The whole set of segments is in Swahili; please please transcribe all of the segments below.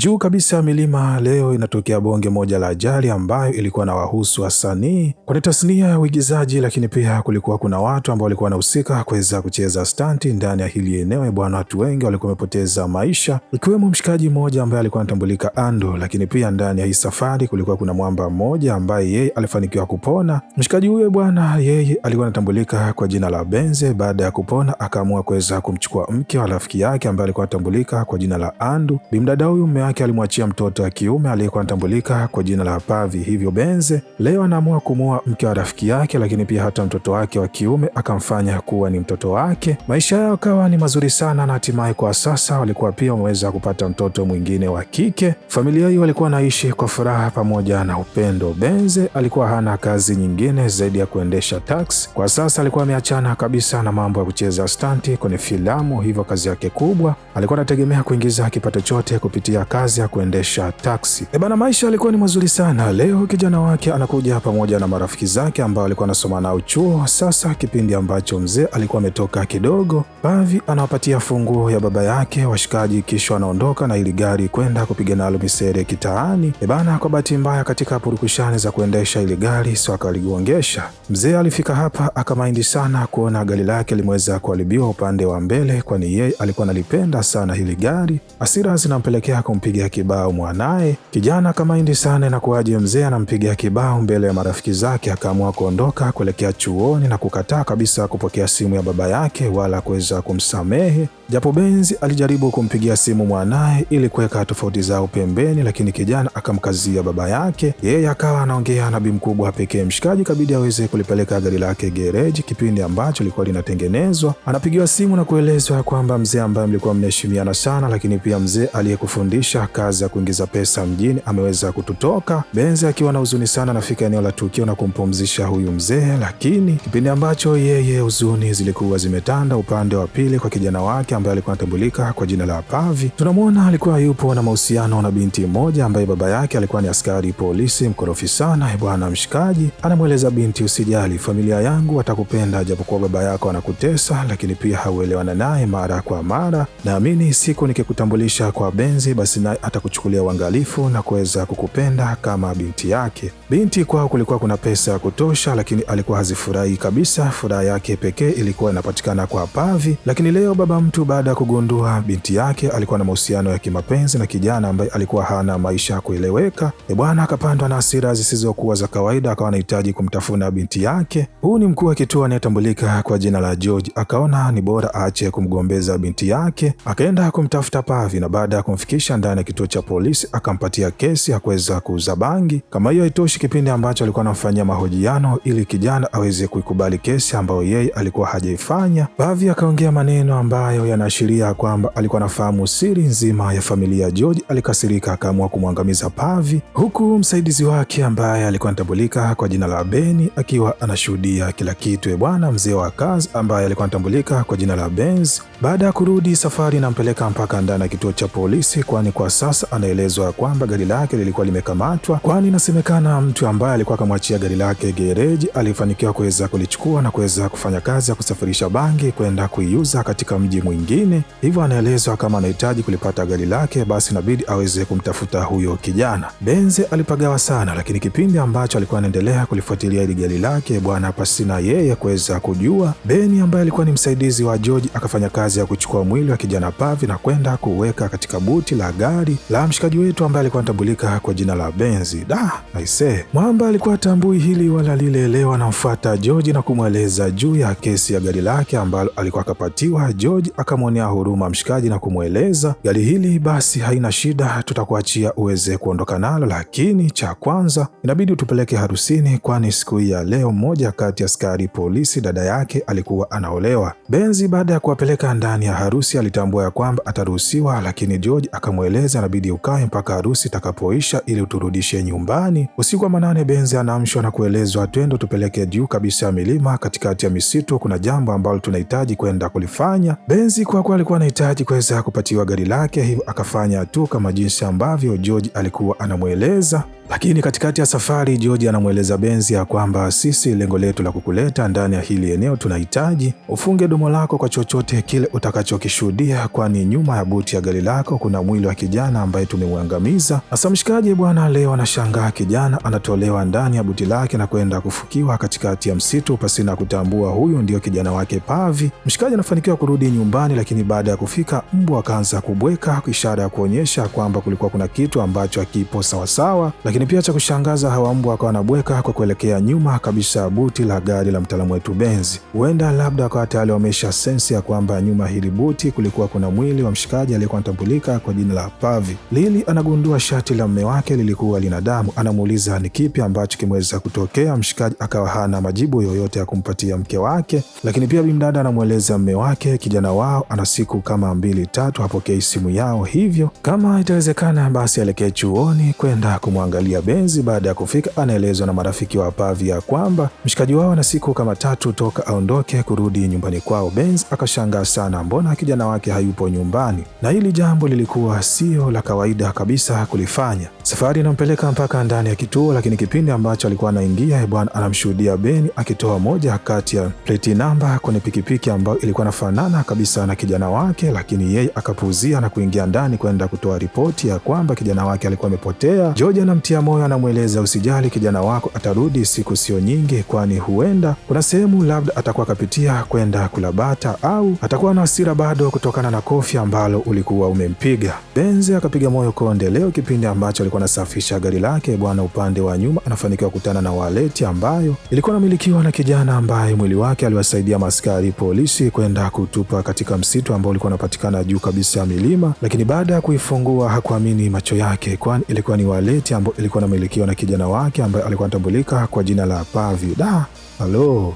Juu kabisa ya milima leo inatokea bonge moja la ajali ambayo ilikuwa na wahusu wasanii kwenye tasnia ya uigizaji, lakini pia kulikuwa kuna watu ambao walikuwa wanahusika kuweza kucheza stanti ndani ya hili eneo bwana. Watu wengi walikuwa wamepoteza maisha, ikiwemo mshikaji mmoja ambaye alikuwa anatambulika Ando, lakini pia ndani ya hii safari kulikuwa kuna mwamba mmoja ambaye yeye alifanikiwa kupona. Mshikaji huyo bwana, yeye alikuwa anatambulika kwa jina la Benze. Baada ya kupona, akaamua kuweza kumchukua mke wa rafiki yake ambaye alikuwa anatambulika kwa jina la Andu. Bimdada huyu yake alimwachia mtoto wa kiume aliyekuwa anatambulika kwa jina la Pavi. hivyo benze leo anaamua kumuua mke wa rafiki yake, lakini pia hata mtoto wake wa kiume akamfanya kuwa ni mtoto wake. Maisha yao akawa ni mazuri sana, na hatimaye kwa sasa walikuwa pia wameweza kupata mtoto mwingine wa kike. Familia hiyo walikuwa naishi kwa furaha pamoja na upendo. Benze alikuwa hana kazi nyingine zaidi ya kuendesha taksi. Kwa sasa alikuwa ameachana kabisa na mambo ya kucheza stanti kwenye filamu, hivyo kazi yake kubwa alikuwa anategemea kuingiza kipato chote kupitia kazi ya kuendesha taksi. E bana, maisha yalikuwa ni mazuri sana. Leo kijana wake anakuja pamoja na marafiki zake ambao alikuwa anasoma nao chuo. Sasa kipindi ambacho mzee alikuwa ametoka kidogo, Bavi anawapatia funguo ya baba yake washikaji, kisha anaondoka na ili gari kwenda kupiga nalo misere kitaani. E bana, kwa bahati mbaya katika purukushani za kuendesha ili gari sio akaligongesha. Mzee alifika hapa akamaindi sana kuona gari lake limeweza kuharibiwa upande wa mbele, kwani yeye alikuwa analipenda sana hili gari. Hasira zinampelekea kumpiga kibao mwanaye. Kijana akamaindi sana inakuwaje mzee anampiga kibao mbele ya marafiki zake. Akaamua kuondoka kuelekea chuoni na kukataa kabisa kupokea simu ya baba yake wala kuweza kumsamehe. Japo benzi alijaribu kumpigia simu mwanaye ili kuweka tofauti zao pembeni, lakini kijana akamkazia baba yake. Yeye akawa anaongea na bi mkubwa pekee. Mshikaji kabidi aweze kulipeleka gari lake gereji, kipindi ambacho lilikuwa linatengenezwa. Anapigiwa simu na kuelezwa kwamba mzee ambaye mlikuwa mnaheshimiana sana, lakini pia mzee aliyekufundisha kazi ya kuingiza pesa mjini ameweza kututoka. benzi akiwa na huzuni sana, anafika eneo la tukio na kumpumzisha huyu mzee, lakini kipindi ambacho yeye huzuni zilikuwa zimetanda upande wa pili kwa kijana wake ambaye alikuwa anatambulika kwa jina la Pavi. Tunamwona alikuwa yupo na mahusiano na binti mmoja ambaye baba yake alikuwa ni askari polisi mkorofi sana. Bwana mshikaji anamweleza binti, usijali, familia yangu watakupenda japokuwa baba yako anakutesa, lakini pia hauelewana naye mara kwa mara. Naamini siku nikikutambulisha kwa Benzi, basi naye atakuchukulia uangalifu na kuweza kukupenda kama binti yake. Binti kwao kulikuwa kuna pesa ya kutosha, lakini alikuwa hazifurahi kabisa. Furaha yake pekee ilikuwa inapatikana kwa Pavi, lakini leo baba mtu baada ya kugundua binti yake alikuwa na mahusiano ya kimapenzi na kijana ambaye alikuwa hana maisha ya kueleweka, e bwana akapandwa na hasira zisizokuwa za kawaida, akawa anahitaji kumtafuna binti yake. Huu ni mkuu wa kituo anayetambulika kwa jina la George, akaona ni bora aache kumgombeza binti yake, akaenda kumtafuta Pavi na baada ya kumfikisha ndani ya kituo cha polisi akampatia kesi ya kuweza kuuza bangi. Kama hiyo haitoshi, kipindi ambacho alikuwa anamfanyia mahojiano ili kijana aweze kuikubali kesi ambayo yeye alikuwa hajaifanya, Pavi akaongea maneno ambayo yanaashiria kwamba alikuwa anafahamu siri nzima ya familia. George alikasirika, akaamua kumwangamiza Pavi, huku msaidizi wake ambaye alikuwa anatambulika kwa jina la Beni akiwa anashuhudia kila kitu. E bwana mzee wa kazi ambaye alikuwa anatambulika kwa jina la Benz baada ya kurudi safari, inampeleka mpaka ndani ya kituo cha polisi, kwani kwa sasa anaelezwa kwamba gari lake lilikuwa limekamatwa, kwani inasemekana mtu ambaye alikuwa akamwachia gari lake gereji alifanikiwa kuweza kulichukua na kuweza kufanya kazi ya kusafirisha bangi kwenda kuiuza katika mji mwingine. Hivyo anaelezwa kama anahitaji kulipata gari lake, basi inabidi aweze kumtafuta huyo kijana. Benze alipagawa sana, lakini kipindi ambacho alikuwa anaendelea kulifuatilia ili gari lake bwana, pasina yeye kuweza kujua, Beni ambaye alikuwa ni msaidizi wa George akafanya kazi kazi ya kuchukua mwili wa kijana Pavi na kwenda kuweka katika buti la gari la mshikaji wetu ambaye alikuwa anatambulika kwa jina la Benzi. Da aisee, Mwamba alikuwa atambui hili wala Leo anamfuata George na kumweleza juu ya kesi ya gari lake ambalo alikuwa akapatiwa. George akamwonea huruma mshikaji na kumweleza gari hili basi haina shida, tutakuachia uweze kuondoka nalo, lakini cha kwanza inabidi utupeleke harusini, kwani siku hii ya leo mmoja kati ya askari polisi dada yake alikuwa anaolewa. Benzi baada ya kuwapeleka ndani ya harusi alitambua ya kwamba ataruhusiwa, lakini George akamweleza inabidi ukae mpaka harusi itakapoisha ili uturudishe nyumbani. Usiku wa manane, Benzi anaamshwa na kuelezwa twendo tupeleke juu kabisa ya milima katikati ya misitu, kuna jambo ambalo tunahitaji kwenda kulifanya. Benzi kwa kuwa alikuwa anahitaji kuweza kupatiwa gari lake, hivyo akafanya tu kama jinsi ambavyo George alikuwa anamweleza. Lakini katikati ya safari, George anamweleza Benzi ya kwamba sisi lengo letu la kukuleta ndani ya hili eneo tunahitaji ufunge domo lako kwa chochote kile utakachokishuhudia, kwani nyuma ya buti ya gari lako kuna mwili wa kijana ambaye tumemwangamiza. Hasa mshikaji bwana leo anashangaa, kijana anatolewa ndani ya buti lake na kwenda kufukiwa katikati ya msitu pasina kutambua huyu ndio kijana wake Pavi. Mshikaji anafanikiwa kurudi nyumbani, lakini baada ya kufika, mbwa akaanza kubweka, ishara ya kuonyesha kwamba kulikuwa kuna kitu ambacho hakipo sawasawa, lakini lakini pia cha kushangaza, hawa mbwa akawa anabweka kwa kuelekea nyuma kabisa buti la gari la mtaalamu wetu Benzi. Huenda labda akawa tayari wamesha sensi ya kwamba nyuma hili buti kulikuwa kuna mwili wa mshikaji aliyekuwa anatambulika kwa jina la Pavi. Lili anagundua shati la mme wake lilikuwa lina damu, anamuuliza ni kipi ambacho kimeweza kutokea. Mshikaji akawa hana majibu yoyote ya kumpatia mke wake, lakini pia bimdada anamweleza mme wake kijana wao ana siku kama mbili tatu hapokei simu yao, hivyo kama itawezekana basi aelekee chuoni kwenda kumwangalia kumshambulia Benzi. Baada ya kufika, anaelezwa na marafiki wa Pavia kwamba mshikaji wao ana siku kama tatu toka aondoke kurudi nyumbani kwao. Benzi akashangaa sana, mbona kijana wake hayupo nyumbani? Na hili jambo lilikuwa sio la kawaida kabisa kulifanya. Safari inampeleka mpaka ndani ya kituo, lakini kipindi ambacho alikuwa anaingia, bwana anamshuhudia Beni akitoa moja kati ya pleti namba kwenye pikipiki ambayo ilikuwa inafanana kabisa na kijana wake, lakini yeye akapuuzia na kuingia ndani kwenda kutoa ripoti ya kwamba kijana wake alikuwa amepotea. George anamtia kumtia moyo, anamweleza usijali, kijana wako atarudi siku sio nyingi, kwani huenda kuna sehemu labda atakuwa akapitia kwenda kulabata au atakuwa na hasira bado kutokana na kofi ambalo ulikuwa umempiga. Benze akapiga moyo Konde. Leo kipindi ambacho alikuwa anasafisha gari lake bwana, upande wa nyuma anafanikiwa kukutana na waleti ambayo ilikuwa inamilikiwa na kijana ambaye mwili wake aliwasaidia maskari polisi kwenda kutupa katika msitu ambao ulikuwa unapatikana juu kabisa ya milima, lakini baada ya kuifungua hakuamini macho yake, kwani ilikuwa ni waleti ambao alikuwa anamilikiwa na kijana wake ambaye alikuwa anatambulika kwa jina la Pavi. Da, halo,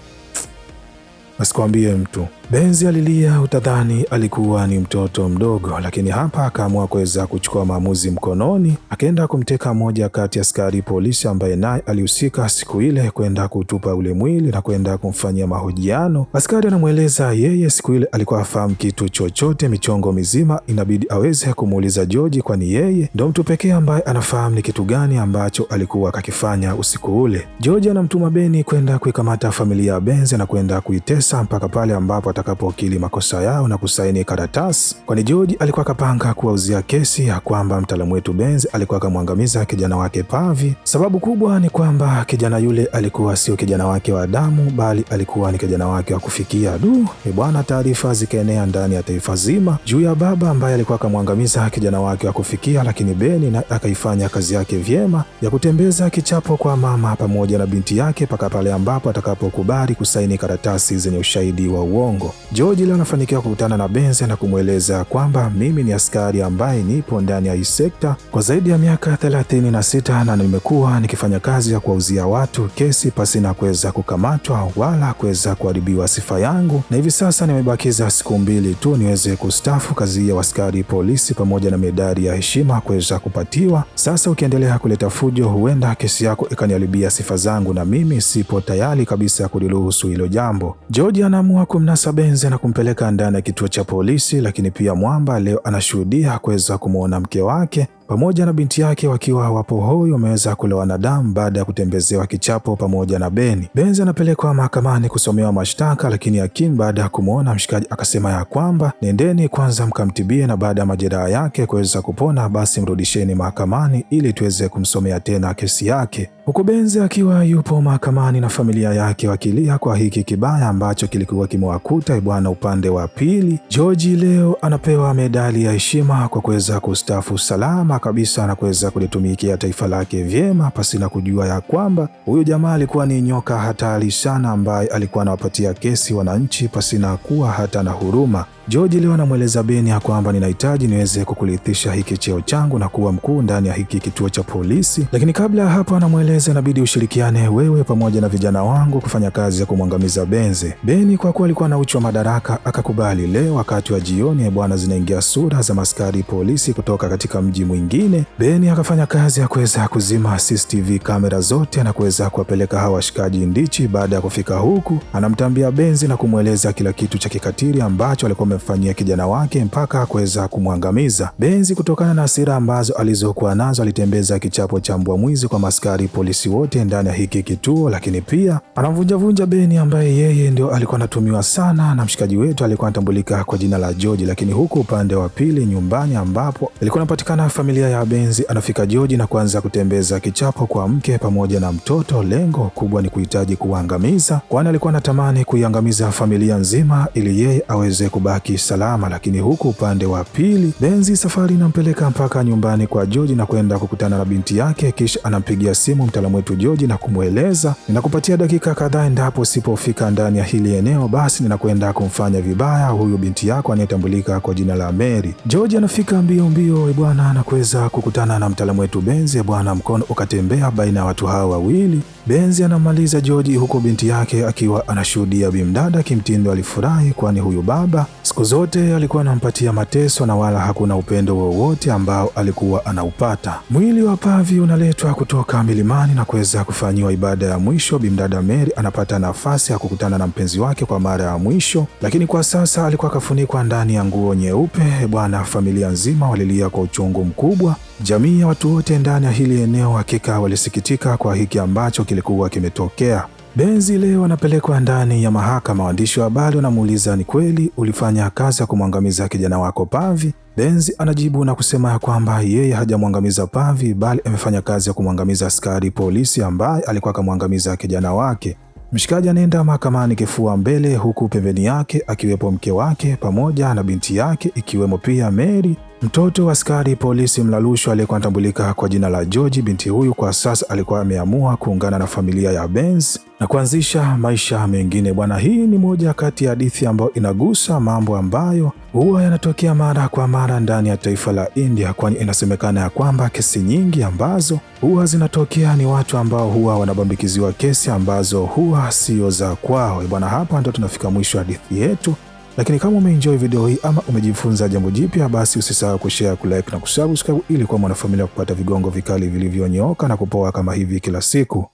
asikuambie mtu. Benzi alilia, utadhani alikuwa ni mtoto mdogo, lakini hapa akaamua kuweza kuchukua maamuzi mkononi. Akaenda kumteka mmoja kati ya askari polisi ambaye naye alihusika siku ile kwenda kutupa ule mwili na kwenda kumfanyia mahojiano. Askari anamweleza yeye siku ile alikuwa afahamu kitu chochote, michongo mizima inabidi aweze kumuuliza George, kwani yeye ndo mtu pekee ambaye anafahamu ni kitu gani ambacho alikuwa akakifanya usiku ule. George anamtuma Beni kwenda kuikamata familia ya Benzi na kwenda kuitesa mpaka pale ambapo watakapokili makosa yao na kusaini karatasi, kwani George alikuwa akapanga kuwauzia kesi ya kwamba mtaalamu wetu Benz alikuwa akamwangamiza kijana wake Pavi. Sababu kubwa ni kwamba kijana yule alikuwa sio kijana wake wa damu, bali alikuwa ni kijana wake wa kufikia. Du ni bwana, taarifa zikaenea ndani ya taifa zima juu ya baba ambaye alikuwa akamwangamiza kijana wake wa kufikia, lakini Beni akaifanya kazi yake vyema ya kutembeza kichapo kwa mama pamoja na binti yake mpaka pale ambapo atakapokubali kusaini karatasi zenye ushahidi wa uongo. Kongo. George leo anafanikiwa kukutana na Benze na kumweleza kwamba mimi ni askari ambaye nipo ndani ya hii sekta kwa zaidi ya miaka 36 na nimekuwa nikifanya kazi ya kuwauzia watu kesi pasina kuweza kukamatwa wala kuweza kuharibiwa sifa yangu, na hivi sasa nimebakiza siku mbili tu niweze kustafu kazi ya askari polisi pamoja na medali ya heshima kuweza kupatiwa. Sasa ukiendelea kuleta fujo, huenda kesi yako ikaniharibia sifa zangu, na mimi sipo tayari kabisa kuliruhusu hilo jambo. George anaamua kumnasa benzi anakumpeleka ndani ya kituo cha polisi, lakini pia Mwamba leo anashuhudia kuweza kumwona mke wake pamoja na binti yake wakiwa hawapo hoi wameweza na damu baada ya kutembezewa kichapo pamoja na Beni. Benzi anapelekwa mahakamani kusomewa mashtaka, lakini Hakim baada ya kumwona mshikaji akasema ya kwamba nendeni kwanza mkamtibie, na baada ya majeraha yake kuweza kupona basi mrudisheni mahakamani ili tuweze kumsomea tena kesi yake. Huku Benzi akiwa yupo mahakamani na familia yake wakilia kwa hiki kibaya ambacho kilikuwa kimewakuta e bwana. Upande wa pili, George leo anapewa medali ya heshima kwa kuweza kustaafu salama kabisa na kuweza kulitumikia taifa lake vyema, pasi na kujua ya kwamba huyo jamaa alikuwa ni nyoka hatari sana, ambaye alikuwa anawapatia kesi wananchi pasi na kuwa hata na huruma. George leo anamweleza ya kwamba ninahitaji niweze kukurithisha hiki cheo changu na kuwa mkuu ndani ya hiki kituo cha polisi, lakini kabla ya hapo anamweleza inabidi ushirikiane wewe pamoja na vijana wangu kufanya kazi ya kumwangamiza Benze. Beni kwa kuwa alikuwa na uchu wa madaraka akakubali. Leo wakati wa jioni bwana, zinaingia sura za maskari polisi kutoka katika mji mwingine. Beni akafanya kazi ya kuweza kuzima CCTV kamera zote na kuweza kuwapeleka hawa washikaji ndichi. Baada ya kufika huku, anamtambia Benzi na kumweleza kila kitu cha kikatili ambacho alikuwa amemfanyia kijana wake mpaka kuweza kumwangamiza. Benzi, kutokana na hasira ambazo alizokuwa nazo, alitembeza kichapo cha mbwa mwizi kwa maskari polisi wote ndani ya hiki kituo, lakini pia anamvunjavunja Beni ambaye yeye ndio alikuwa anatumiwa sana na mshikaji wetu, alikuwa anatambulika kwa jina la George. Lakini huku upande wa pili nyumbani ambapo ilikuwa inapatikana familia ya Benzi, anafika George na kuanza kutembeza kichapo kwa mke pamoja na mtoto. Lengo kubwa ni kuhitaji kuangamiza, kwani alikuwa anatamani kuiangamiza familia nzima ili yeye aweze kubaki kisalama lakini huku upande wa pili Benzi safari inampeleka mpaka nyumbani kwa George na kwenda kukutana na binti yake, kisha anampigia simu mtaalamu wetu George na kumweleza, ninakupatia dakika kadhaa, endapo usipofika ndani ya hili eneo, basi ninakwenda kumfanya vibaya huyu binti yako anayetambulika kwa jina la Mary. George anafika mbio mbio ebwana na kukutana na mtaalamu wetu Benzi. bwana mkono ukatembea baina ya watu hawa wawili. Benzi anamaliza George, huko binti yake akiwa anashuhudia. Bimdada kimtindo alifurahi, kwani huyu baba Siku zote alikuwa anampatia mateso na wala hakuna upendo wowote ambao alikuwa anaupata. Mwili wa Pavi unaletwa kutoka milimani na kuweza kufanyiwa ibada ya mwisho. Bimdada Mary anapata nafasi ya kukutana na mpenzi wake kwa mara ya mwisho, lakini kwa sasa alikuwa akafunikwa ndani ya nguo nyeupe. Bwana, familia nzima walilia kwa uchungu mkubwa. Jamii ya watu wote ndani ya hili eneo hakika walisikitika kwa hiki ambacho kilikuwa kimetokea. Benzi leo anapelekwa ndani ya mahakama. Waandishi wa habari wanamuuliza ni kweli ulifanya kazi ya kumwangamiza kijana wako Pavi? Benzi anajibu na kusema ya kwamba yeye hajamwangamiza Pavi, bali amefanya kazi ya kumwangamiza askari polisi ambaye alikuwa akamwangamiza kijana wake. Mshikaji anaenda mahakamani kifua mbele, huku pembeni yake akiwepo mke wake pamoja na binti yake ikiwemo pia Mary Mtoto wa askari polisi mlalusho aliyekuwa anatambulika kwa jina la George, binti huyu kwa sasa alikuwa ameamua kuungana na familia ya Benz na kuanzisha maisha mengine bwana. Hii ni moja kati ya hadithi ambayo inagusa mambo ambayo huwa yanatokea mara kwa mara ndani ya taifa la India, kwani inasemekana ya kwamba kesi nyingi ambazo huwa zinatokea ni watu ambao huwa wanabambikiziwa kesi ambazo huwa sio za kwao bwana. Hapa ndio tunafika mwisho hadithi yetu. Lakini kama umeenjoy video hii ama umejifunza jambo jipya, basi usisahau kushare, kulike na kusubscribe ili kuwa mwanafamilia kupata vigongo vikali vilivyonyooka na kupoa kama hivi kila siku.